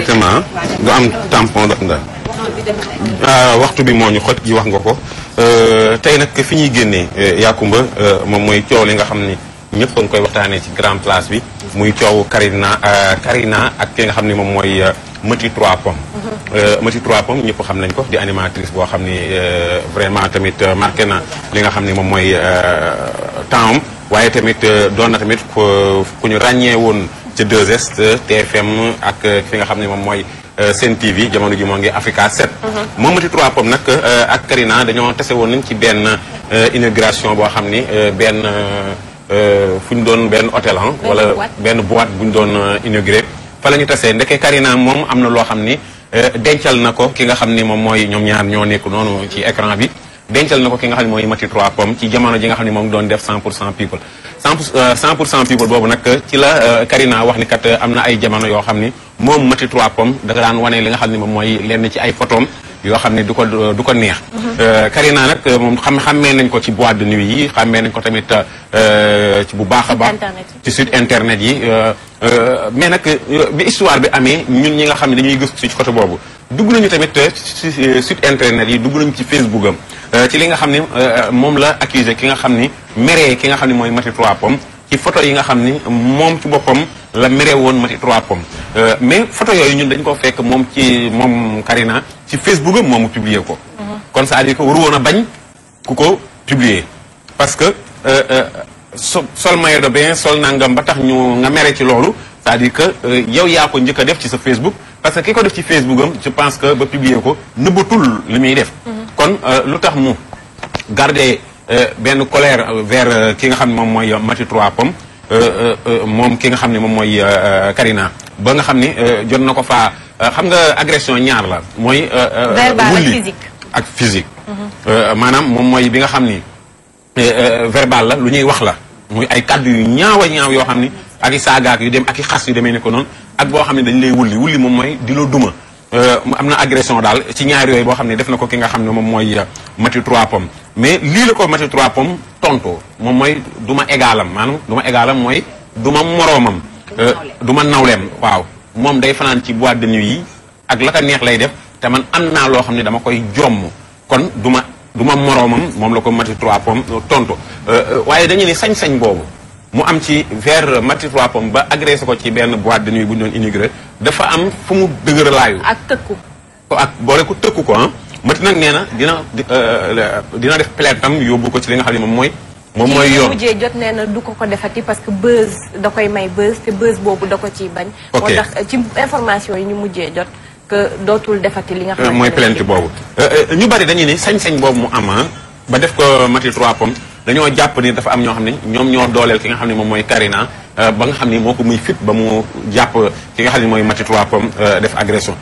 exactement nga am tampon da ah, waxtu bi moo ñu xoj ji wax nga ko euh, tey nag fi ñuy génnee euh, Yacoumba euh, moom mooy coow li nga xam ni ñëpp a koy waxtaanee ci grand place bi muy coowu Karina Karina ak ki nga xam ne moom mooy Mati Trois Pommes Mati mhm. Trois Pommes ñëpp xam nañ ko di animatrice boo xam ni vraiment tamit marqué na li nga xam ne moom mooy temps waaye tamit doon na tamit ku ñu ràññee woon ca 2S euh, TFM ak fi euh, nga xam ne moom mooy euh, Sen TV jamono ji moo ngi Africa 7. Momadou 3 Pommes nag ak Karina dañoo tase woon nañ ci benn inauguration boo xam ni benn fu ñu doon benn hôtel ah. wala benn boîte bu ñu doon inauguré. fa la ñu tasee ndeke Karina moom am na loo xam ni dencal na ko ki nga xam ni moom mooy ñoom ñaar ñoo nekk noonu ci écran bi. dencal na ko ki nga xam ne mooy Mati 3 Pommes ci jamono ji nga xam ne moom doon def 100 pour cent people 100 euh, pour cent people boobu nag ci la euh, Karina wax ni kat euh, am na ay jamono yoo xam ni moom Mati 3 Pommes da daan wane li nga xam ne moom mooy lenn ci ay photoom yoo xam ne du ko du ko neex. Euh, naa nag euh, moom xam xammee nañ ko ci bois de nuit yi xammee nañ ko tamit euh, ci bu baax a baax. ci site internet yi. mais nag bi histoire bi amee ñun ñi nga xam ne dañuy gëstu ci côté boobu dugg nañu tamit ci site internet yi dugg nañu ci Facebook am ci li nga xam ne moom la accusé ki nga xam ni meree ki nga xam ne mooy Maty Trois Pommes ci photo yi nga xam ni moom ci boppam la meree woon Maty Trois pom Euh, mais photo yooyu ñun dañ ko fekk moom ci moom Karina ci Facebook am moom mu publier ko. Mhm. kon c'est-à-dire que waru woon a bañ ku ko publier. parce que euh, euh, so sol maillot de bain sol nangam ba tax ñu nga mere ci loolu c'est-à-dire que yow yaa ko njëkk def ci sa Facebook parce que ki ko def ci Facebook am je pense que ba publier ko nëbbatul li muy def. Mhm. kon lu tax mu garder benn colère vers ki nga xam ne moom mooy Mati Trois Pommes moom ki nga xam ne moom mooy Karina. ba nga xam ni euh, jot na ko fa euh, xam nga agression ñaar la mooy. Euh, verbal ak physique ak mhm. maanaam moom mooy bi nga xam ni verbal la lu ñuy wax la. muy ay kàddu yu ñaaw a ñaaw yoo xam ni ak i saagaak yu dem ak i xas yu demee ne ko noonu ak boo xam ne dañu lay wulli wulli moom mooy di la duma. am na agression daal ci ñaar yooyu boo xam ne def na ko ki nga xam ne moom mooy Mathieu Trois Pommes mais lii la ko Mathieu Trois Pommes tontoo moom mooy duma égalam maanaam du ma égalam mooy du ma moroomam. Euh, du ma nawleem waaw moom day fanaan ci boîte de nuit yi ak la ko neex lay def te man am naa loo xam ne dama koy jomm kon du ma du ma moroomam moom la ko mati trois pom euh, tontu euh, waaye dañu ni sañ-sañ boobu mu am ci vers mati trois pom ba agressé ko ci benn boîte de nuit bu ñu doon immigré dafa am fu mu dëgër laayu ak tëkku ak boole ko tëkku ko ah mati nag nee na dina dina def plainte am yóbbu ko ci li nga xam ne moom mooy moom mooy yoon mujjee jot nee na du ko ko defati parce que buzz da koy may buzz te buzz boobu da ko ciy bañ. ok moo tax euh, ci information yi ñu mujjee jot. que dootul defati li nga euh, xam ne mooy plainte boobu. Euh, ñu bari dañuy ni sañ-sañ boobu mu am ah, ba def ko mati trois pommes dañoo jàpp ni dafa am ñoo xam ne ñoom ñoo dooleel ki nga xam ne moom mooy Karina ba nga xam ne moo ko muy fit ba mu jàpp ki nga xam ne mooy mati trois pommes def agression.